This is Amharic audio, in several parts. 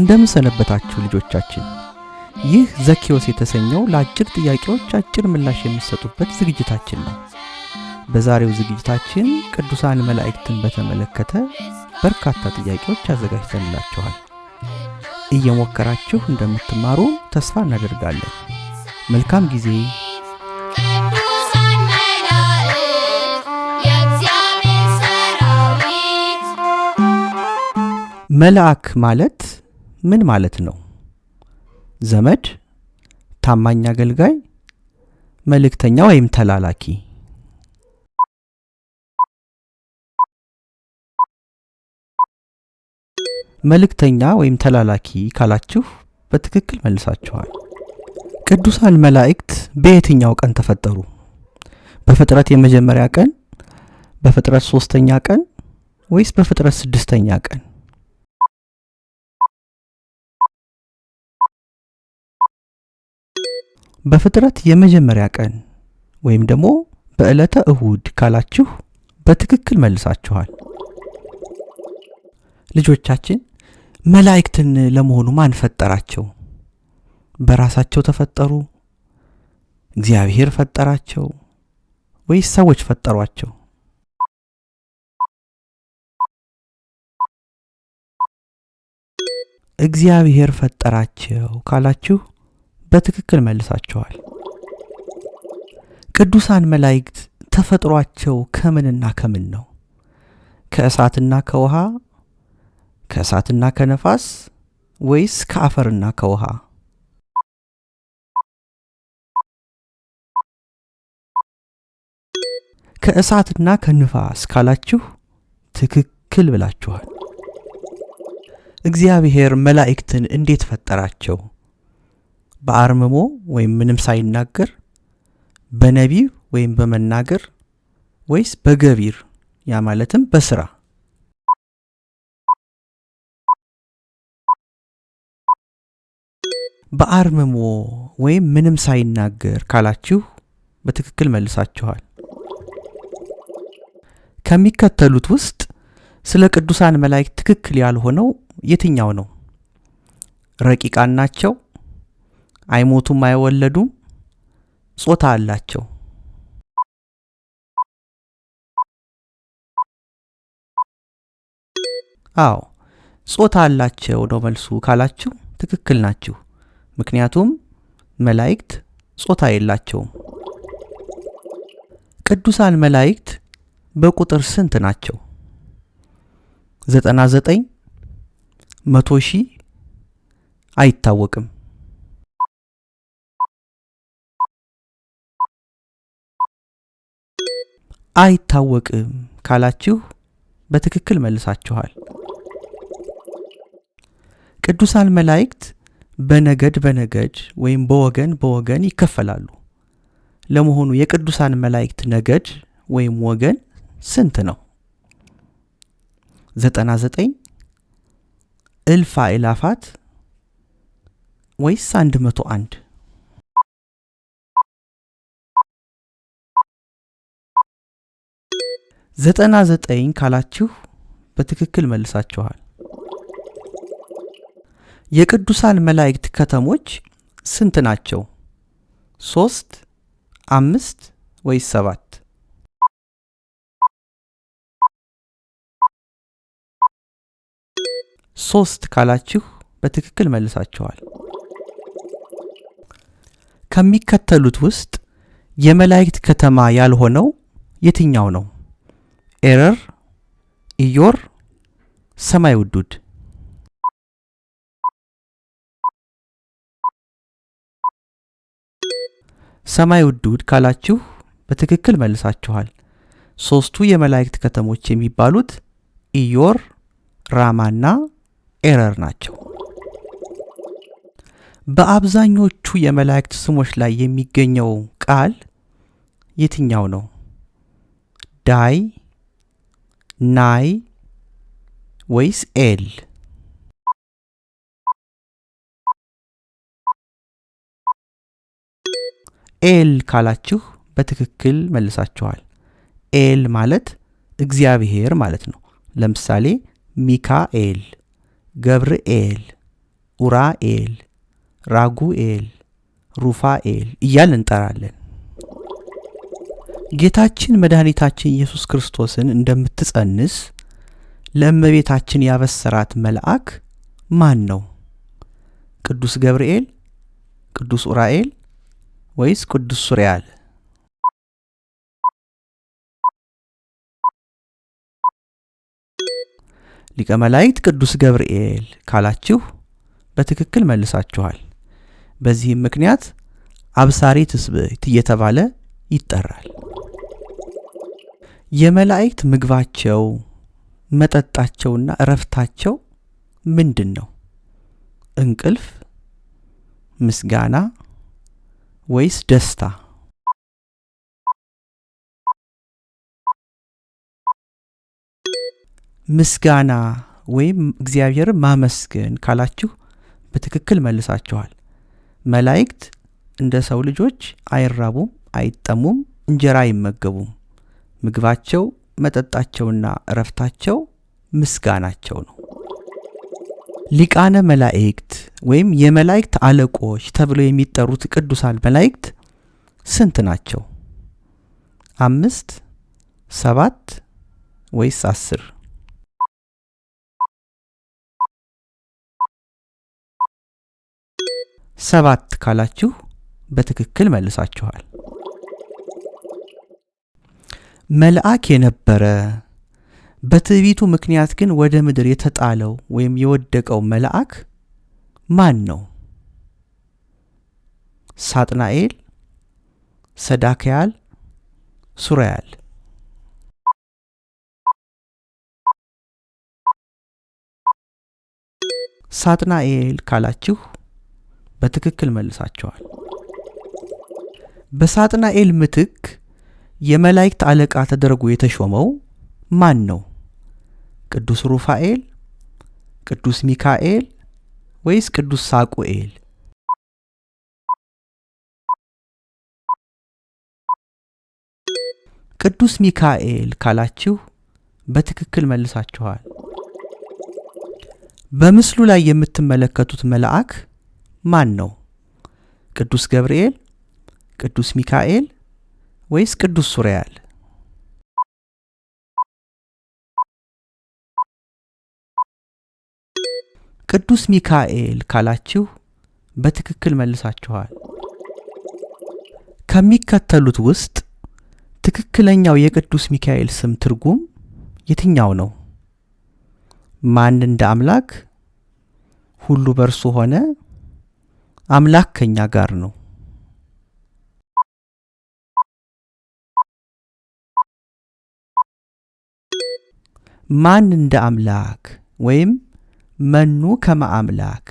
እንደምንሰነበታችሁ ልጆቻችን። ይህ ዘኪዮስ የተሰኘው ለአጭር ጥያቄዎች አጭር ምላሽ የሚሰጡበት ዝግጅታችን ነው። በዛሬው ዝግጅታችን ቅዱሳን መላእክትን በተመለከተ በርካታ ጥያቄዎች አዘጋጅተንላችኋል። እየሞከራችሁ እንደምትማሩ ተስፋ እናደርጋለን። መልካም ጊዜ መልአክ ማለት ምን ማለት ነው? ዘመድ፣ ታማኝ አገልጋይ፣ መልእክተኛ ወይም ተላላኪ። መልእክተኛ ወይም ተላላኪ ካላችሁ በትክክል መልሳችኋል። ቅዱሳን መላእክት በየትኛው ቀን ተፈጠሩ? በፍጥረት የመጀመሪያ ቀን፣ በፍጥረት ሶስተኛ ቀን ወይስ በፍጥረት ስድስተኛ ቀን? በፍጥረት የመጀመሪያ ቀን ወይም ደግሞ በዕለተ እሁድ ካላችሁ በትክክል መልሳችኋል። ልጆቻችን መላእክትን ለመሆኑ ማን ፈጠራቸው? በራሳቸው ተፈጠሩ? እግዚአብሔር ፈጠራቸው ወይስ ሰዎች ፈጠሯቸው? እግዚአብሔር ፈጠራቸው ካላችሁ በትክክል መልሳቸዋል። ቅዱሳን መላእክት ተፈጥሯቸው ከምንና ከምን ነው? ከእሳትና ከውሃ፣ ከእሳትና ከነፋስ ወይስ ከአፈርና ከውሃ? ከእሳትና ከንፋስ ካላችሁ ትክክል ብላችኋል። እግዚአብሔር መላእክትን እንዴት ፈጠራቸው? በአርምሞ ወይም ምንም ሳይናገር በነቢብ ወይም በመናገር ወይስ በገቢር ያ ማለትም በስራ በአርምሞ ወይም ምንም ሳይናገር ካላችሁ በትክክል መልሳችኋል። ከሚከተሉት ውስጥ ስለ ቅዱሳን መላይክ ትክክል ያልሆነው የትኛው ነው? ረቂቃን ናቸው፣ አይሞቱም፣ አይወለዱም፣ ጾታ አላቸው። አዎ ጾታ አላቸው ነው መልሱ ካላችሁ ትክክል ናችሁ። ምክንያቱም መላእክት ጾታ የላቸውም። ቅዱሳን መላእክት በቁጥር ስንት ናቸው? ዘጠና 100 ሺህ አይታወቅም። አይታወቅም ካላችሁ በትክክል መልሳችኋል። ቅዱሳን መላእክት በነገድ በነገድ ወይም በወገን በወገን ይከፈላሉ። ለመሆኑ የቅዱሳን መላእክት ነገድ ወይም ወገን ስንት ነው? ዘጠና ዘጠኝ እልፍ አእላፋት ወይስ አንድ መቶ አንድ? ዘጠና ዘጠኝ ካላችሁ በትክክል መልሳችኋል። የቅዱሳን መላእክት ከተሞች ስንት ናቸው? ሶስት፣ አምስት ወይ ሰባት? ሶስት ካላችሁ በትክክል መልሳችኋል። ከሚከተሉት ውስጥ የመላእክት ከተማ ያልሆነው የትኛው ነው? ኤረር፣ ኢዮር፣ ሰማይ ውዱድ ሰማይ ውዱድ ካላችሁ በትክክል መልሳችኋል። ሶስቱ የመላእክት ከተሞች የሚባሉት ኢዮር፣ ራማና ኤረር ናቸው። በአብዛኞቹ የመላእክት ስሞች ላይ የሚገኘው ቃል የትኛው ነው? ዳይ ናይ ወይስ ኤል? ኤል ካላችሁ በትክክል መልሳችኋል። ኤል ማለት እግዚአብሔር ማለት ነው። ለምሳሌ ሚካኤል፣ ገብርኤል፣ ኡራኤል፣ ራጉኤል፣ ሩፋኤል እያል እንጠራለን። ጌታችን መድኃኒታችን ኢየሱስ ክርስቶስን እንደምትጸንስ ለእመቤታችን ያበሰራት መልአክ ማን ነው? ቅዱስ ገብርኤል፣ ቅዱስ ኡራኤል ወይስ ቅዱስ ሱሪያል? ሊቀ መላይት ቅዱስ ገብርኤል ካላችሁ በትክክል መልሳችኋል። በዚህም ምክንያት አብሳሪ ትስብት እየተባለ ይጠራል። የመላእክት ምግባቸው መጠጣቸውና እረፍታቸው ምንድን ነው? እንቅልፍ፣ ምስጋና ወይስ ደስታ? ምስጋና ወይም እግዚአብሔር ማመስገን ካላችሁ በትክክል መልሳችኋል። መላእክት እንደ ሰው ልጆች አይራቡም፣ አይጠሙም፣ እንጀራ አይመገቡም። ምግባቸው፣ መጠጣቸውና እረፍታቸው ምስጋናቸው ነው። ሊቃነ መላእክት ወይም የመላእክት አለቆች ተብለው የሚጠሩት ቅዱሳን መላእክት ስንት ናቸው? አምስት፣ ሰባት ወይስ አስር? ሰባት ካላችሁ በትክክል መልሳችኋል። መልአክ የነበረ በትዕቢቱ ምክንያት ግን ወደ ምድር የተጣለው ወይም የወደቀው መልአክ ማን ነው? ሳጥናኤል፣ ሰዳክያል፣ ሱራያል ሳጥናኤል ካላችሁ በትክክል መልሳችኋል። በሳጥናኤል ምትክ የመላእክት አለቃ ተደርጎ የተሾመው ማን ነው? ቅዱስ ሩፋኤል፣ ቅዱስ ሚካኤል ወይስ ቅዱስ ሳቁኤል? ቅዱስ ሚካኤል ካላችሁ በትክክል መልሳችኋል። በምስሉ ላይ የምትመለከቱት መልአክ ማን ነው? ቅዱስ ገብርኤል፣ ቅዱስ ሚካኤል ወይስ ቅዱስ ሱሪያል? ቅዱስ ሚካኤል ካላችሁ በትክክል መልሳችኋል። ከሚከተሉት ውስጥ ትክክለኛው የቅዱስ ሚካኤል ስም ትርጉም የትኛው ነው? ማን እንደ አምላክ፣ ሁሉ በእርሱ ሆነ፣ አምላክ ከኛ ጋር ነው። ማን እንደ አምላክ ወይም መኑ ከመ አምላክ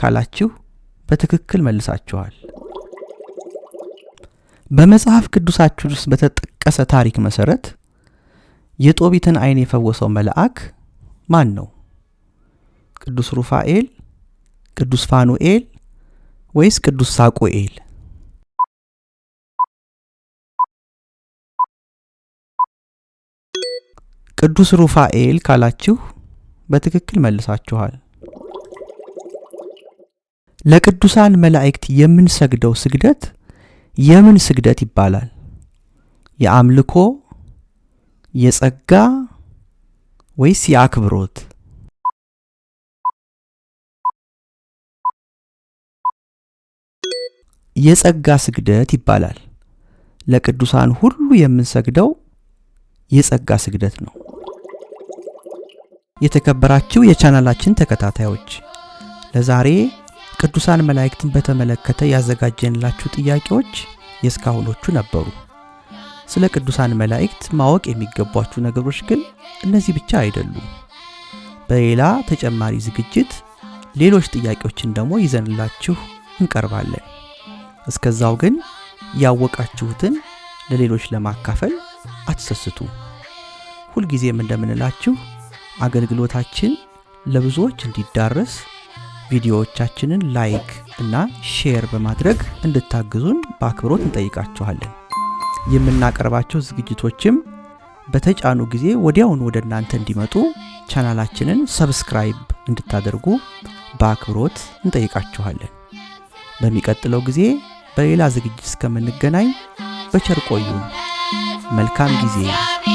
ካላችሁ በትክክል መልሳችኋል። በመጽሐፍ ቅዱሳችሁ ውስጥ በተጠቀሰ ታሪክ መሰረት የጦቢትን ዐይን የፈወሰው መልአክ ማን ነው? ቅዱስ ሩፋኤል፣ ቅዱስ ፋኑኤል ወይስ ቅዱስ ሳቁኤል? ቅዱስ ሩፋኤል ካላችሁ በትክክል መልሳችኋል። ለቅዱሳን መላእክት የምንሰግደው ስግደት የምን ስግደት ይባላል? የአምልኮ፣ የጸጋ ወይስ የአክብሮት? የጸጋ ስግደት ይባላል። ለቅዱሳን ሁሉ የምንሰግደው የጸጋ ስግደት ነው። የተከበራችሁ የቻናላችን ተከታታዮች ለዛሬ ቅዱሳን መላእክትን በተመለከተ ያዘጋጀንላችሁ ጥያቄዎች የእስካሁኖቹ ነበሩ። ስለ ቅዱሳን መላእክት ማወቅ የሚገቧችሁ ነገሮች ግን እነዚህ ብቻ አይደሉም። በሌላ ተጨማሪ ዝግጅት ሌሎች ጥያቄዎችን ደግሞ ይዘንላችሁ እንቀርባለን። እስከዛው ግን ያወቃችሁትን ለሌሎች ለማካፈል አትሰስቱ። ሁልጊዜም እንደምንላችሁ አገልግሎታችን ለብዙዎች እንዲዳረስ ቪዲዮዎቻችንን ላይክ እና ሼር በማድረግ እንድታግዙን በአክብሮት እንጠይቃችኋለን። የምናቀርባቸው ዝግጅቶችም በተጫኑ ጊዜ ወዲያውን ወደ እናንተ እንዲመጡ ቻናላችንን ሰብስክራይብ እንድታደርጉ በአክብሮት እንጠይቃችኋለን። በሚቀጥለው ጊዜ በሌላ ዝግጅት እስከምንገናኝ በቸርቆዩን መልካም ጊዜ